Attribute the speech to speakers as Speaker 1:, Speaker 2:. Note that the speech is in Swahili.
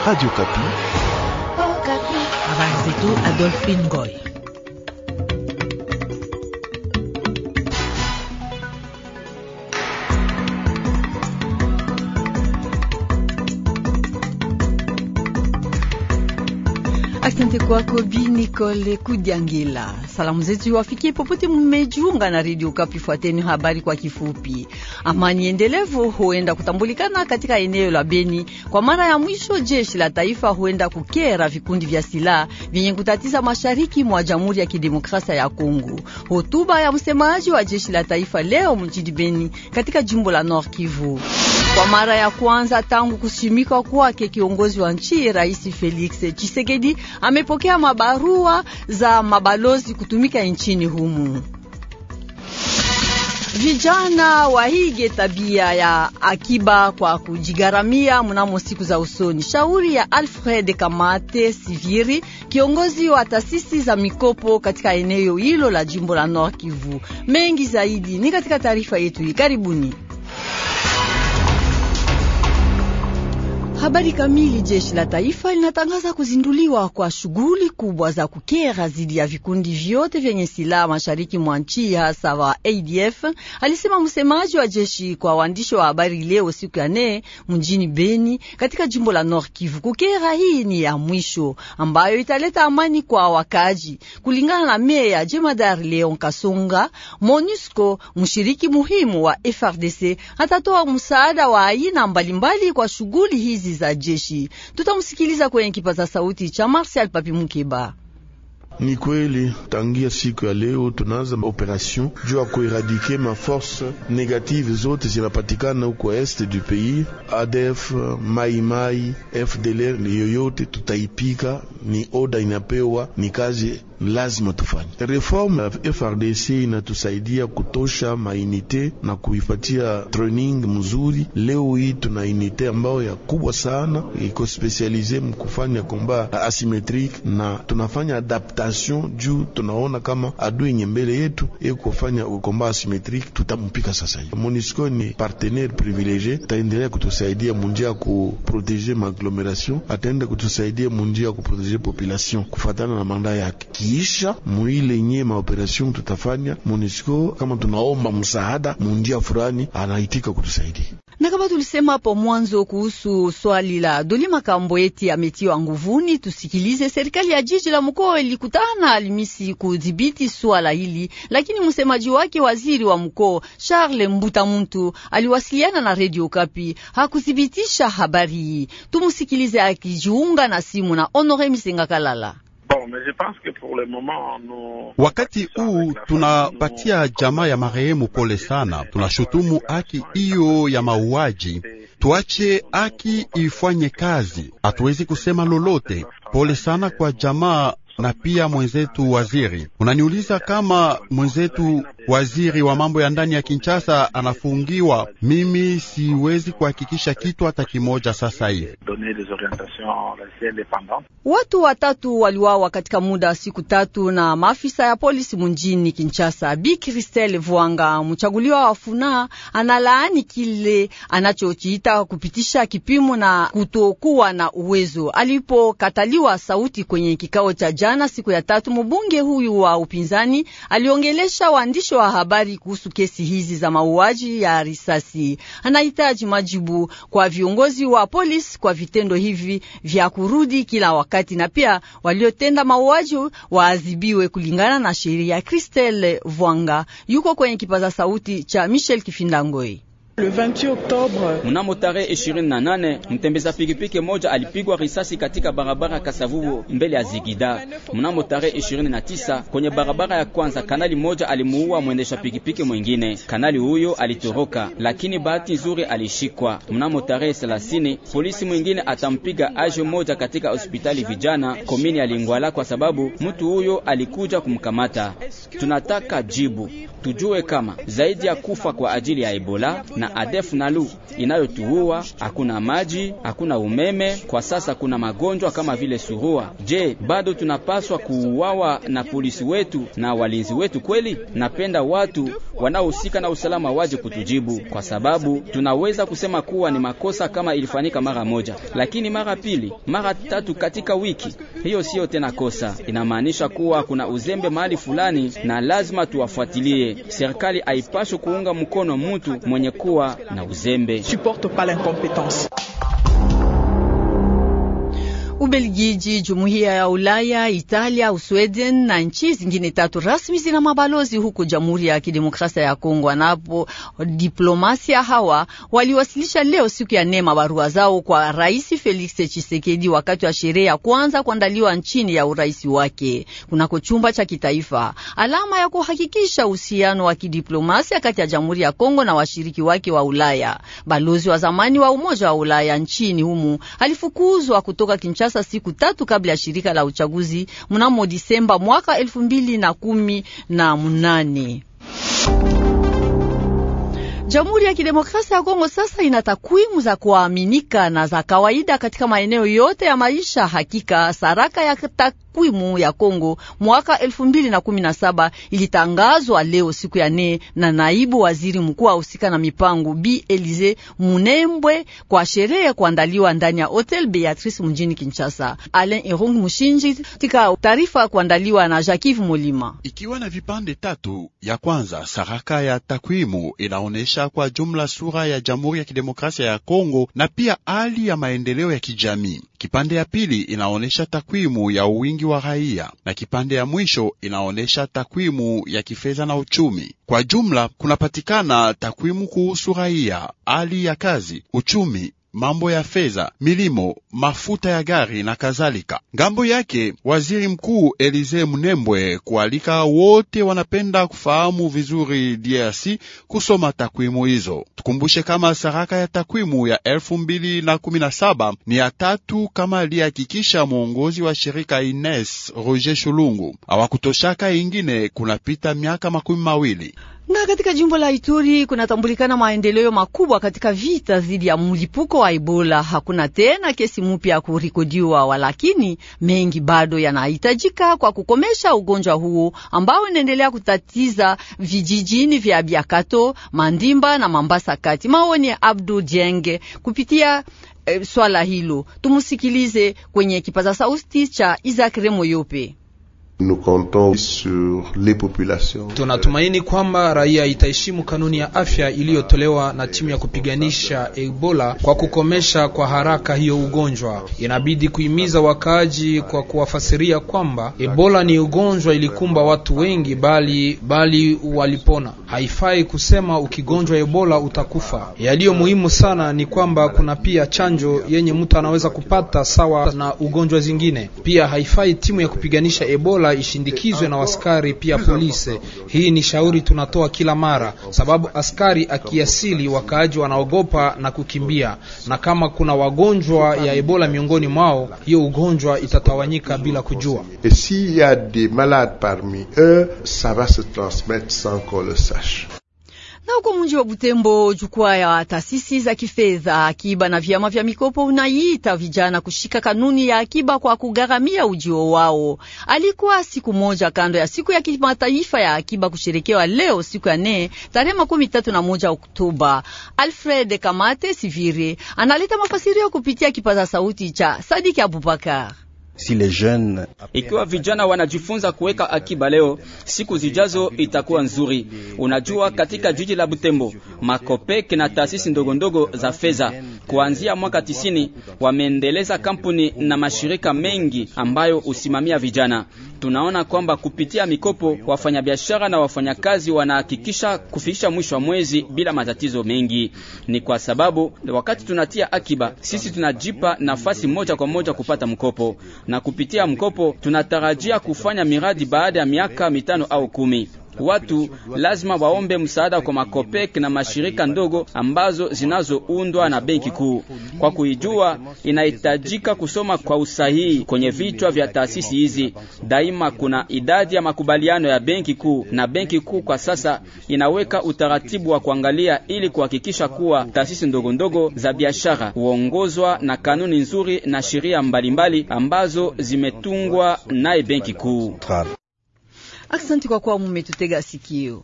Speaker 1: Radio Kapi. Oh, Kapi. Habari ah Adolphine Goy. Asante kwako Bi Nicole Kudiangila. Salamu zetu wafikie popote mmejiunga na Radio Kapi. Fuateni habari kwa kifupi. Amani endelevu huenda kutambulikana katika eneo la Beni kwa mara ya mwisho. Jeshi la taifa huenda kukera vikundi vya silaha vyenye kutatiza mashariki mwa Jamhuri ya Kidemokrasia ya Kongo. Hotuba ya msemaji wa jeshi la taifa leo mjini Beni katika jimbo la Nord Kivu. Kwa mara ya kwanza tangu kushimika kwake kiongozi wa nchi, Rais Felix Tshisekedi amepokea mabarua za mabalozi kutumika nchini humu. Vijana waige tabia ya akiba kwa kujigaramia mnamo siku za usoni. Shauri ya Alfred Kamate Siviri, kiongozi wa taasisi za mikopo katika eneo hilo la jimbo la Nord Kivu. Mengi zaidi ni katika taarifa yetu hii. Karibuni. Habari kamili. Jeshi la taifa linatangaza kuzinduliwa kwa shughuli kubwa za kukera dhidi ya vikundi vyote vyenye silaha mashariki mwa nchi, hasa wa ADF, alisema msemaji wa jeshi kwa waandishi wa habari leo siku ya nne mjini Beni katika jimbo la North Kivu. Kukera hii ni ya mwisho ambayo italeta amani kwa wakaji, kulingana na meya jemadari Leon Kasonga. MONUSCO, mshiriki muhimu wa FRDC, atatoa msaada wa aina mbalimbali kwa shughuli hizi kazi za jeshi. Tutamsikiliza kwenye kipaza sauti cha Marsial Papi Mukeba.
Speaker 2: Ni kweli tangia siku ya leo tunaanza operation juu ya kueradike maforce negative zote zinapatikana huko este du pays, ADF, maimai, FDLR, yoyote tutaipika. Ni oda inapewa, ni kazi lazima tufanye reform ya FRDC. Inatusaidia kutosha mainite na kuifatia training mzuri. Leo hii tuna unité ambayo ya kubwa sana iko specialize mkufanya komba asimetrike, na tunafanya adaptation juu tunaona kama adui nye mbele yetu kufanya komba asimetrike, tutampika sasa hivi. MONUSCO ni partenaire privilégié, ataendelea kutusaidia munjia ya kuprotege maaglomeration, ataenda kutusaidia munjia ya kuprotege population kufatana na manda yake ikiisha muile nye maoperation tutafanya Monisco, kama tunaomba msaada mundia fulani, anaitika kutusaidia.
Speaker 1: Na kama tulisema hapo mwanzo kuhusu swali la Doli Makambo eti ametiwa nguvuni, tusikilize. Serikali ya jiji la mkoa ilikutana alimisi kudhibiti swala hili, lakini msemaji wake waziri wa mkoa Charles Mbuta Muntu aliwasiliana na Radio Kapi hakuthibitisha habari hii. Tumsikilize akijiunga na simu na Honore Misenga Kalala.
Speaker 3: Wakati huu tunapatia jamaa ya marehemu pole sana. Tunashutumu haki hiyo ya mauaji. Tuache haki ifanye kazi, hatuwezi kusema lolote. Pole sana kwa jamaa na pia mwenzetu waziri. Unaniuliza kama mwenzetu waziri wa mambo ya ndani ya Kinshasa anafungiwa. Mimi siwezi kuhakikisha kitu hata kimoja sasa
Speaker 2: hivi.
Speaker 1: Watu watatu waliwawa katika muda wa siku tatu na maafisa ya polisi mjini Kinshasa. Bi Christelle Vuanga, mchaguliwa wa Funa, analaani kile anachokiita kupitisha kipimo na kutokuwa na uwezo, alipokataliwa sauti kwenye kikao cha jana siku ya tatu. Mbunge huyu wa upinzani aliongelesha waandishi kutoa habari kuhusu kesi hizi za mauaji ya risasi. Anahitaji majibu kwa viongozi wa polisi kwa vitendo hivi vya kurudi kila wakati, na pia waliotenda mauaji waadhibiwe kulingana na sheria. Christelle Vwanga yuko kwenye kipaza sauti cha Michel Kifindangoi.
Speaker 4: Mnamo tarehe 28 mtembeza pikipiki moja alipigwa risasi katika barabara Kasavubu mbele ya Zigida. Mnamo tarehe 29 kwenye barabara ya kwanza, kanali moja alimuua mwendesha pikipiki mwingine. Kanali huyo alitoroka, lakini bahati nzuri alishikwa. Mnamo tarehe 30 polisi mwingine atampiga aje moja katika hospitali vijana komini ya Lingwala kwa sababu mtu huyo alikuja kumkamata. Tunataka jibu tujue kama zaidi ya kufa kwa ajili ya Ebola na na ADF Nalu inayotuua. Hakuna maji, hakuna umeme, kwa sasa kuna magonjwa kama vile surua. Je, bado tunapaswa kuuawa na polisi wetu na walinzi wetu kweli? Napenda watu wanaohusika na usalama waje kutujibu, kwa sababu tunaweza kusema kuwa ni makosa kama ilifanyika mara moja, lakini mara pili, mara tatu katika wiki hiyo siyo tena kosa. Inamaanisha kuwa kuna uzembe mahali fulani na lazima tuwafuatilie. Serikali haipaswi kuunga mkono mtu mwenye kuwa Supporte pas l'incompétence.
Speaker 1: Ubelgiji, Jumuiya ya Ulaya, Italia, Usweden na nchi zingine tatu rasmi zina mabalozi huko Jamhuri ya Kidemokrasia ya Kongo, anapo diplomasia hawa waliwasilisha leo siku ya nema barua zao kwa Rais Felix Tshisekedi wakati wa sherehe ya kwanza kuandaliwa nchini ya urais wake kunako chumba cha kitaifa, alama ya kuhakikisha uhusiano wa kidiplomasia kati ya Jamhuri ya Kongo na washiriki wake wa Ulaya. Balozi wa zamani wa Umoja wa Ulaya nchini humu alifukuzwa kutoka Kinshasa kisiasa siku tatu kabla ya shirika la uchaguzi mnamo Disemba mwaka elfu mbili na kumi na Jamhuri ya Kidemokrasia ya Kongo sasa ina takwimu za kuaminika na za kawaida katika maeneo yote ya maisha. Hakika saraka ya takwimu ya Kongo mwaka 2017 ilitangazwa leo siku ya nne na naibu waziri mkuu ahusika na mipango B Elize Munembwe kwa sherehe ya kuandaliwa ndani ya Hotel Beatrice mjini Kinshasa. Alain Erung Mushinji katika taarifa kuandaliwa na Jacques Molima.
Speaker 3: Ikiwa na vipande tatu, ya kwanza saraka ya takwimu inaonyesha kwa jumla sura ya Jamhuri ya Kidemokrasia ya Kongo na pia hali ya maendeleo ya kijamii. Kipande ya pili inaonyesha takwimu ya uwingi msingi wa raia, na kipande ya mwisho inaonyesha takwimu ya kifedha na uchumi. Kwa jumla, kunapatikana takwimu kuhusu raia, hali ya kazi, uchumi mambo ya fedha, milimo, mafuta ya gari na kadhalika. Ngambo yake waziri mkuu Elize Mnembwe kualika wote wanapenda kufahamu vizuri DRC kusoma takwimu hizo. Tukumbushe kama saraka ya takwimu ya elfu mbili na kumi na saba ni ya tatu kama aliyehakikisha mwongozi wa shirika Ines Roger Shulungu. Hawakutoshaka ingine kunapita miaka makumi mawili.
Speaker 1: Na katika jimbo la Ituri kunatambulikana maendeleo makubwa katika vita dhidi ya mlipuko wa Ebola. Hakuna tena kesi mpya ya kurikodiwa, walakini mengi bado yanahitajika kwa kukomesha ugonjwa huo ambao unaendelea kutatiza vijijini vya Biakato, Mandimba na Mambasa Kati. Maoni ya Abdu Jenge kupitia eh, swala hilo, tumusikilize kwenye kipaza sauti cha Isaac Remoyope.
Speaker 5: Tunatumaini kwamba raia itaheshimu kanuni ya afya iliyotolewa na timu ya kupiganisha Ebola kwa kukomesha kwa haraka hiyo ugonjwa. Inabidi kuhimiza wakaaji kwa kuwafasiria kwamba Ebola ni ugonjwa ilikumba watu wengi, bali bali walipona. Haifai kusema ukigonjwa Ebola utakufa. Yaliyo muhimu sana ni kwamba kuna pia chanjo yenye mtu anaweza kupata sawa na ugonjwa zingine. Pia haifai timu ya kupiganisha Ebola bora ishindikizwe na askari pia polisi. Hii ni shauri tunatoa kila mara, sababu askari akiasili wakaaji wanaogopa na kukimbia, na kama kuna wagonjwa ya Ebola miongoni mwao, hiyo ugonjwa itatawanyika bila kujua.
Speaker 2: Et s'il des malades parmi eux, ça va se transmettre sans qu'on le sache.
Speaker 1: Na huko mji wa Butembo, jukwaa ya taasisi za kifedha akiba na vyama vya mikopo unaiita vijana kushika kanuni ya akiba kwa kugharamia ujio wao. Alikuwa siku moja kando ya siku ya kimataifa ya akiba kusherekewa leo siku ya nne tarehe makumi tatu na moja Oktoba. Alfred Kamate Sivire analeta mafasirio kupitia kipaza sauti cha Sadiki Abubakar.
Speaker 3: Si les jeunes...
Speaker 4: ikiwa vijana wanajifunza kuweka akiba leo, siku zijazo itakuwa nzuri. Unajua, katika jiji la Butembo Makope kina taasisi ndogondogo za fedha. Kuanzia mwaka tisini wameendeleza kampuni na mashirika mengi ambayo husimamia vijana. Tunaona kwamba kupitia mikopo wafanyabiashara na wafanyakazi wanahakikisha kufikisha mwisho wa mwezi bila matatizo mengi. Ni kwa sababu wakati tunatia akiba, sisi tunajipa nafasi moja kwa moja kupata mkopo na kupitia mkopo tunatarajia kufanya miradi baada ya miaka mitano au kumi. Watu lazima waombe msaada kwa makopek na mashirika ndogo ambazo zinazoundwa na benki kuu. Kwa kuijua, inahitajika kusoma kwa usahihi kwenye vichwa vya taasisi hizi. Daima kuna idadi ya makubaliano ya benki kuu, na benki kuu kwa sasa inaweka utaratibu wa kuangalia ili kuhakikisha kuwa taasisi ndogo ndogo za biashara huongozwa na kanuni nzuri na sheria mbalimbali ambazo zimetungwa naye benki kuu.
Speaker 1: Asante kwa kuwa mumetutega sikio.